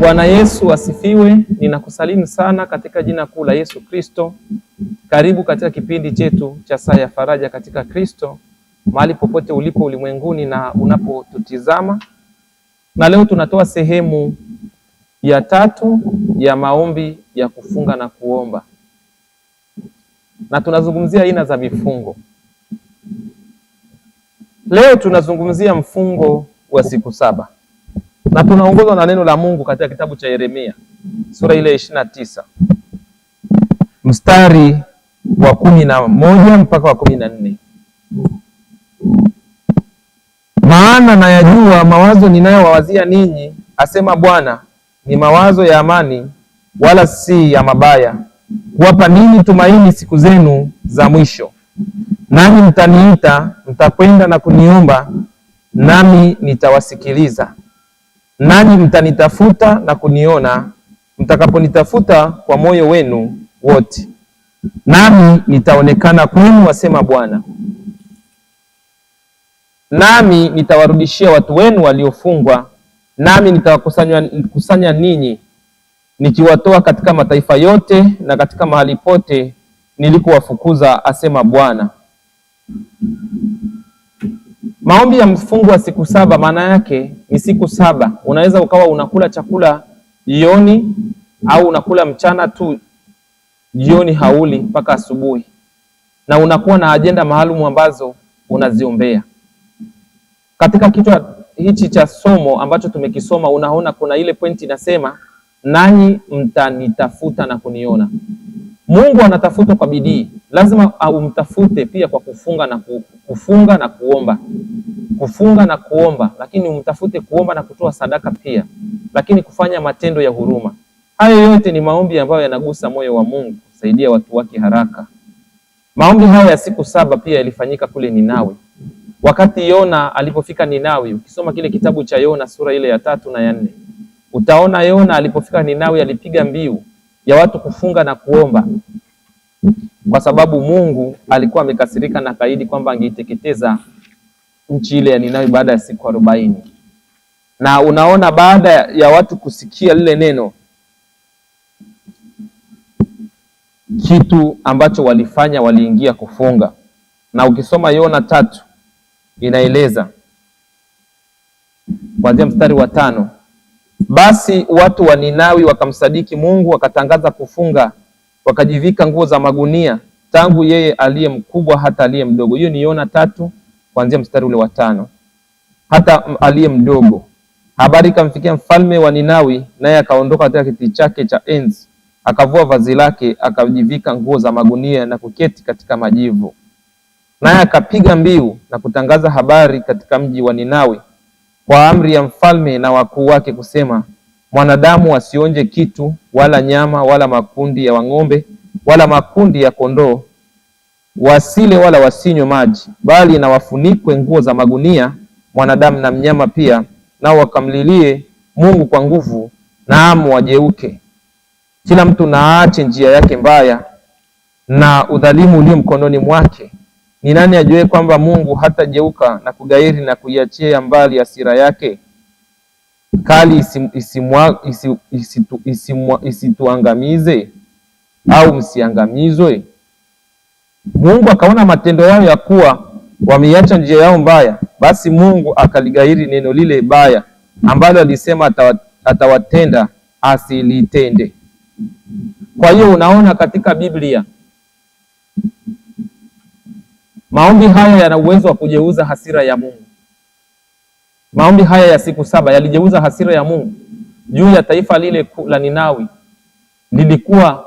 Bwana Yesu asifiwe. Ninakusalimu sana katika jina kuu la Yesu Kristo. Karibu katika kipindi chetu cha saa ya faraja katika Kristo, mahali popote ulipo ulimwenguni na unapotutizama. Na leo tunatoa sehemu ya tatu ya maombi ya kufunga na kuomba, na tunazungumzia aina za mifungo. Leo tunazungumzia mfungo wa siku saba na tunaongozwa na neno la Mungu katika kitabu cha Yeremia sura ile ishirini na tisa mstari wa kumi na moja mpaka wa kumi na nne maana nayajua mawazo ninayowawazia ninyi, asema Bwana, ni mawazo ya amani, wala si ya mabaya, kuwapa ninyi tumaini siku zenu za mwisho. Nani mtaniita, mtakwenda na kuniomba, nami nitawasikiliza nanyi mtanitafuta na kuniona mtakaponitafuta kwa moyo wenu wote, nami nitaonekana kwenu, asema Bwana, nami nitawarudishia watu wenu waliofungwa, nami nitawakusanya ninyi, nikiwatoa katika mataifa yote na katika mahali pote nilikuwafukuza, asema Bwana. Maombi ya mfungo wa siku saba maana yake ni siku saba. Unaweza ukawa unakula chakula jioni au unakula mchana tu, jioni hauli mpaka asubuhi, na unakuwa na ajenda maalum ambazo unaziombea. Katika kichwa hichi cha somo ambacho tumekisoma, unaona kuna ile pointi inasema, nanyi mtanitafuta na kuniona. Mungu anatafutwa kwa bidii lazima ah, umtafute pia kwa kufunga na ku, kufunga na kuomba, kufunga na kuomba, lakini umtafute kuomba na kutoa sadaka pia, lakini kufanya matendo ya huruma. Hayo yote ni maombi ambayo yanagusa moyo wa Mungu kusaidia watu wake haraka. Maombi haya ya siku saba pia yalifanyika kule Ninawi. Wakati Yona alipofika Ninawi, ukisoma kile kitabu cha Yona sura ile ya tatu na ya nne utaona Yona alipofika Ninawi alipiga mbiu ya watu kufunga na kuomba kwa sababu Mungu alikuwa amekasirika na kaidi kwamba angeiteketeza nchi ile ya Ninawi baada ya siku arobaini. Na unaona baada ya watu kusikia lile neno, kitu ambacho walifanya waliingia kufunga, na ukisoma Yona tatu inaeleza kuanzia mstari wa tano, basi watu wa Ninawi wakamsadiki Mungu wakatangaza kufunga wakajivika nguo za magunia, tangu yeye aliye mkubwa hata aliye mdogo. Hiyo ni Yona tatu kuanzia mstari ule wa tano. Hata aliye mdogo habari ikamfikia mfalme wa Ninawi, naye akaondoka katika kiti chake cha enzi, akavua vazi lake, akajivika nguo za magunia na kuketi katika majivu. Naye akapiga mbiu na kutangaza habari katika mji wa Ninawi kwa amri ya mfalme na wakuu wake kusema mwanadamu asionje kitu wala nyama wala makundi ya wang'ombe wala makundi ya kondoo, wasile wala wasinywe maji, bali na wafunikwe nguo za magunia mwanadamu na mnyama pia, nao wakamlilie Mungu kwa nguvu, naamu wajeuke. Kila mtu naache njia yake mbaya na udhalimu ulio mkononi mwake. Ni nani ajue kwamba Mungu hatajeuka na kugairi na kuiachia mbali hasira yake? kali isitu, isitu, isituangamize au msiangamizwe? Mungu akaona matendo yao ya kuwa wameiacha njia yao mbaya, basi Mungu akaligairi neno lile baya ambalo alisema atawatenda asilitende. Kwa hiyo unaona katika Biblia maombi haya yana uwezo wa kujeuza hasira ya Mungu. Maombi haya ya siku saba yalijeuza hasira ya Mungu juu ya taifa lile la Ninawi. Lilikuwa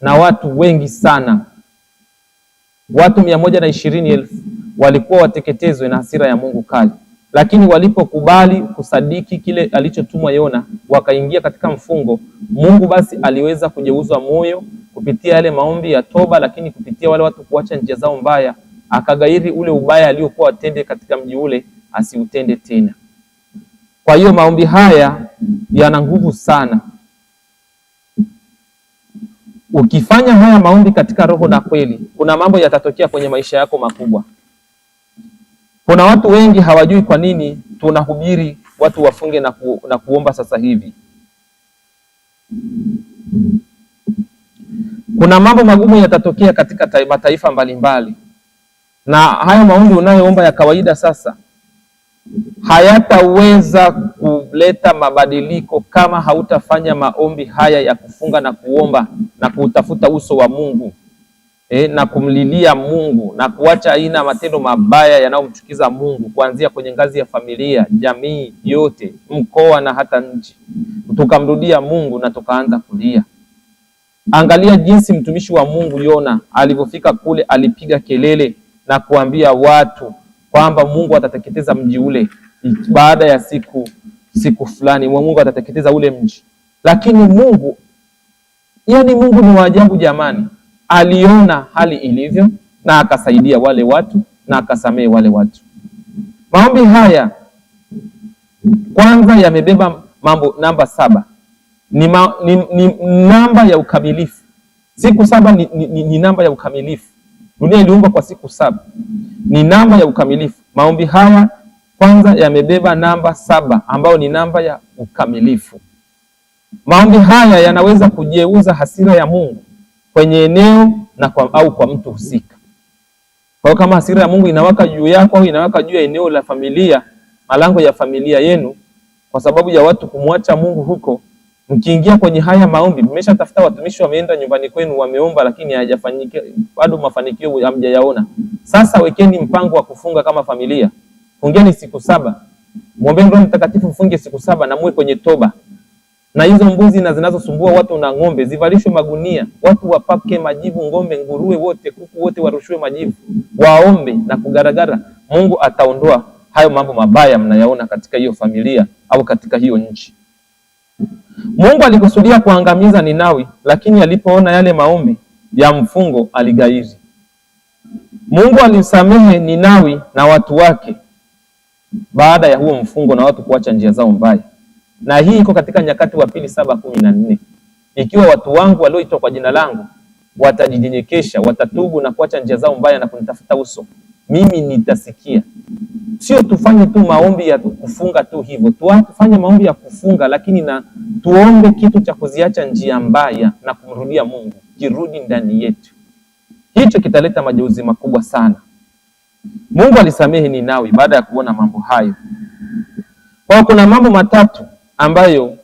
na watu wengi sana, watu mia moja na ishirini elfu walikuwa wateketezwe na hasira ya Mungu kali, lakini walipokubali kusadiki kile alichotumwa Yona, wakaingia katika mfungo. Mungu basi aliweza kugeuza moyo kupitia yale maombi ya toba, lakini kupitia wale watu kuacha njia zao mbaya, akagairi ule ubaya aliokuwa watende katika mji ule asiutende tena. Kwa hiyo maombi haya yana nguvu sana. Ukifanya haya maombi katika roho na kweli, kuna mambo yatatokea kwenye maisha yako makubwa. Kuna watu wengi hawajui kwa nini tunahubiri watu wafunge na, ku, na kuomba sasa hivi. Kuna mambo magumu yatatokea katika mataifa mbalimbali, na hayo maombi unayoomba ya kawaida sasa hayataweza kuleta mabadiliko kama hautafanya maombi haya ya kufunga na kuomba na kuutafuta uso wa Mungu e, na kumlilia Mungu na kuacha aina ya matendo mabaya yanayomchukiza Mungu, kuanzia kwenye ngazi ya familia, jamii yote, mkoa na hata nchi. Tukamrudia Mungu na tukaanza kulia. Angalia jinsi mtumishi wa Mungu Yona alivyofika kule, alipiga kelele na kuambia watu kwamba Mungu atateketeza mji ule baada ya siku siku fulani, Mungu atateketeza ule mji. Lakini Mungu yani, Mungu ni waajabu jamani, aliona hali ilivyo na akasaidia wale watu na akasamehe wale watu. Maombi haya kwanza yamebeba mambo, namba saba ni, ma, ni, ni namba ya ukamilifu. Siku saba ni, ni, ni namba ya ukamilifu Dunia iliumbwa kwa siku saba, ni namba ya ukamilifu. Maombi haya kwanza yamebeba namba saba ambayo ni namba ya ukamilifu. Maombi haya yanaweza kujeuza hasira ya Mungu kwenye eneo na kwa, au kwa mtu husika. Kwa hiyo kama hasira ya Mungu inawaka juu yako au inawaka juu ya eneo la familia, malango ya familia yenu, kwa sababu ya watu kumwacha Mungu huko mkiingia kwenye haya maombi, mmeshatafuta watumishi, wameenda nyumbani kwenu, wameomba lakini hayajafanyika bado, mafanikio hamjayaona. Sasa wekeni mpango wa kufunga kama familia, fungeni siku saba, mwombeni Roho Mtakatifu, mfunge siku saba na muwe kwenye toba, na hizo mbuzi na zinazosumbua watu na ng'ombe zivalishwe magunia, watu wapake majivu, ng'ombe, nguruwe wote, kuku wote warushiwe majivu, waombe na kugaragara. Mungu ataondoa hayo mambo mabaya mnayaona katika hiyo familia au katika hiyo nchi. Mungu alikusudia kuangamiza Ninawi, lakini alipoona yale maombi ya mfungo aligairi. Mungu alisamehe Ninawi na watu wake baada ya huo mfungo na watu kuacha njia zao mbaya, na hii iko katika Nyakati wa Pili saba kumi na nne ikiwa watu wangu walioitwa kwa jina langu watajinyenyekesha, watatubu na kuacha njia zao mbaya na kunitafuta uso, mimi nitasikia sio tufanye tu maombi ya kufunga tu hivyo, tufanye maombi ya kufunga, lakini na tuombe kitu cha kuziacha njia mbaya na kumrudia Mungu, kirudi ndani yetu. Hicho kitaleta majeuzi makubwa sana. Mungu alisamehe Ninawi baada ya kuona mambo hayo. Kwa kuna mambo matatu ambayo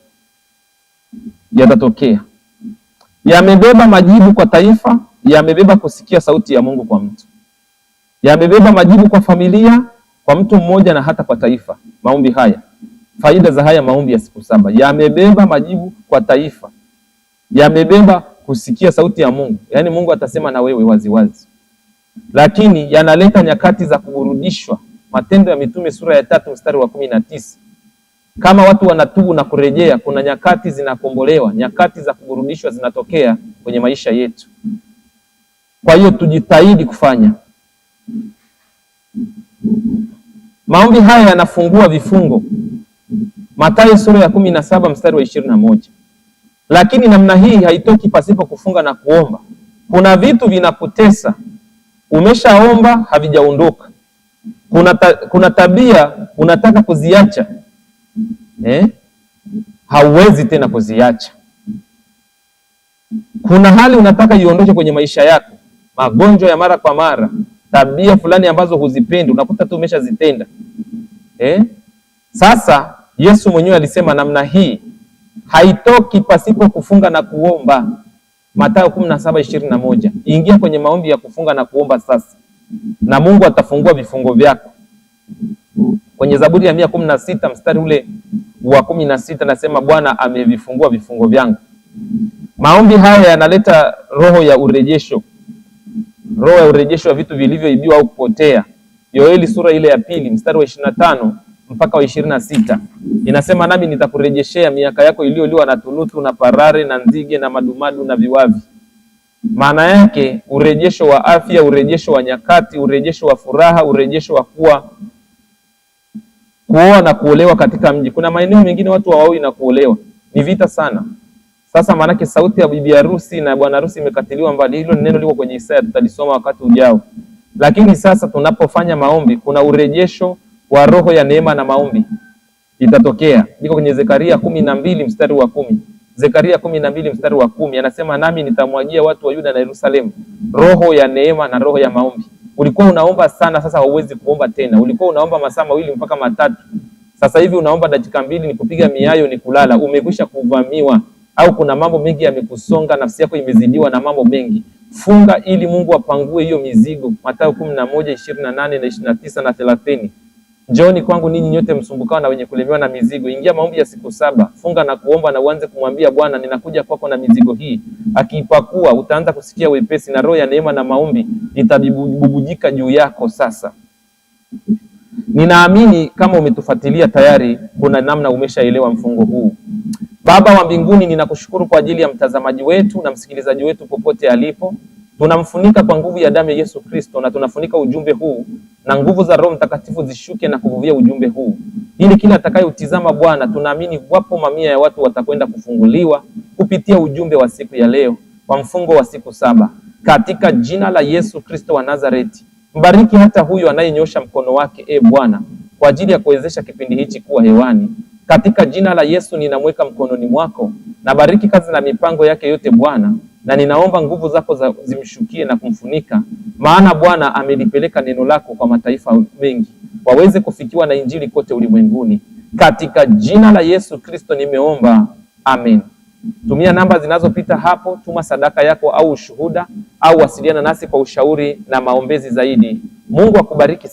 yatatokea, yamebeba majibu kwa taifa, yamebeba kusikia sauti ya Mungu kwa mtu, yamebeba majibu kwa familia kwa mtu mmoja na hata kwa taifa. Maombi haya, faida za haya maombi ya siku saba yamebeba majibu kwa taifa, yamebeba kusikia sauti ya Mungu, yaani Mungu atasema na wewe waziwazi wazi. Lakini yanaleta nyakati za kuburudishwa. Matendo ya Mitume sura ya tatu mstari wa kumi na tisa kama watu wanatubu na kurejea, kuna nyakati zinakombolewa, nyakati za kuburudishwa zinatokea kwenye maisha yetu. Kwa hiyo tujitahidi kufanya Maombi haya yanafungua vifungo, Mathayo sura ya kumi na saba mstari wa ishirini na moja. Lakini namna hii haitoki pasipo kufunga na kuomba. Kuna vitu vinakutesa, umeshaomba havijaondoka. Kuna, ta, kuna tabia unataka kuziacha eh? hauwezi tena kuziacha. Kuna hali unataka iondoke kwenye maisha yako, magonjwa ya mara kwa mara, tabia fulani ambazo huzipendi, unakuta tu umeshazitenda eh? Sasa Yesu mwenyewe alisema namna hii haitoki pasipo kufunga na kuomba, Mathayo kumi na saba ishirini moja. Ingia kwenye maombi ya kufunga na kuomba sasa, na Mungu atafungua vifungo vyako. Kwenye Zaburi ya mia kumi na sita mstari ule wa kumi na sita nasema Bwana amevifungua vifungo vyangu. Maombi haya yanaleta roho ya urejesho, roho ya urejesho wa vitu vilivyoibiwa au kupotea. Yoeli sura ile ya pili mstari wa ishirini na tano mpaka wa ishirini na sita inasema, nami nitakurejeshea miaka yako iliyoliwa na tunutu na parare na nzige na madumadu na viwavi. Maana yake urejesho wa afya, urejesho wa nyakati, urejesho wa furaha, urejesho wa kuwa kuoa na kuolewa katika mji. Kuna maeneo mengine watu hawaoi na kuolewa, ni vita sana. Sasa maanake sauti ya bibi harusi na bwana harusi imekatiliwa mbali. Hilo neno liko kwenye Isaya, tutalisoma wakati ujao. Lakini sasa tunapofanya maombi, kuna urejesho wa roho ya neema na maombi itatokea. Iko kwenye Zekaria kumi na mbili mstari wa kumi. Zekaria kumi na mbili mstari wa kumi anasema, nami nitamwagia watu wa Yuda na Yerusalemu roho ya neema na roho ya maombi. Ulikuwa unaomba sana, sasa hauwezi kuomba tena. Ulikuwa unaomba masaa mawili mpaka matatu, sasa hivi unaomba dakika mbili, ni kupiga miayo, ni kulala. Umekwisha kuvamiwa, au kuna mambo mengi yamekusonga, nafsi yako imezidiwa na mambo mengi funga ili Mungu apangue hiyo mizigo. Mathayo kumi na moja ishirini na nane Njoni na tisa na thelathini. Njooni kwangu ninyi nyote msumbukao na wenye kulemewa na mizigo, ingia maombi ya siku saba. Funga na kuomba na uanze kumwambia Bwana, ninakuja kwako na mizigo hii. Akiipakua utaanza kusikia wepesi, na roho ya neema na maombi itabubujika juu yako. Sasa ninaamini kama umetufuatilia tayari, kuna namna umeshaelewa mfungo huu. Baba wa mbinguni, ninakushukuru kwa ajili ya mtazamaji wetu na msikilizaji wetu popote alipo. Tunamfunika kwa nguvu ya damu ya Yesu Kristo na tunafunika ujumbe huu na nguvu za Roho Mtakatifu zishuke na kuvuvia ujumbe huu, ili kila atakayeutizama Bwana, tunaamini wapo mamia ya watu watakwenda kufunguliwa kupitia ujumbe wa siku ya leo kwa mfungo wa siku saba, katika jina la Yesu Kristo wa Nazareti. Mbariki hata huyu anayenyosha mkono wake, e Bwana, kwa ajili ya kuwezesha kipindi hichi kuwa hewani katika jina la Yesu ninamweka mkononi mwako, nabariki kazi na mipango yake yote Bwana, na ninaomba nguvu zako za zimshukie na kumfunika, maana Bwana amelipeleka neno lako kwa mataifa mengi, waweze kufikiwa na injili kote ulimwenguni. Katika jina la Yesu Kristo nimeomba, amen. Tumia namba zinazopita hapo, tuma sadaka yako au ushuhuda, au wasiliana nasi kwa ushauri na maombezi zaidi. Mungu akubariki.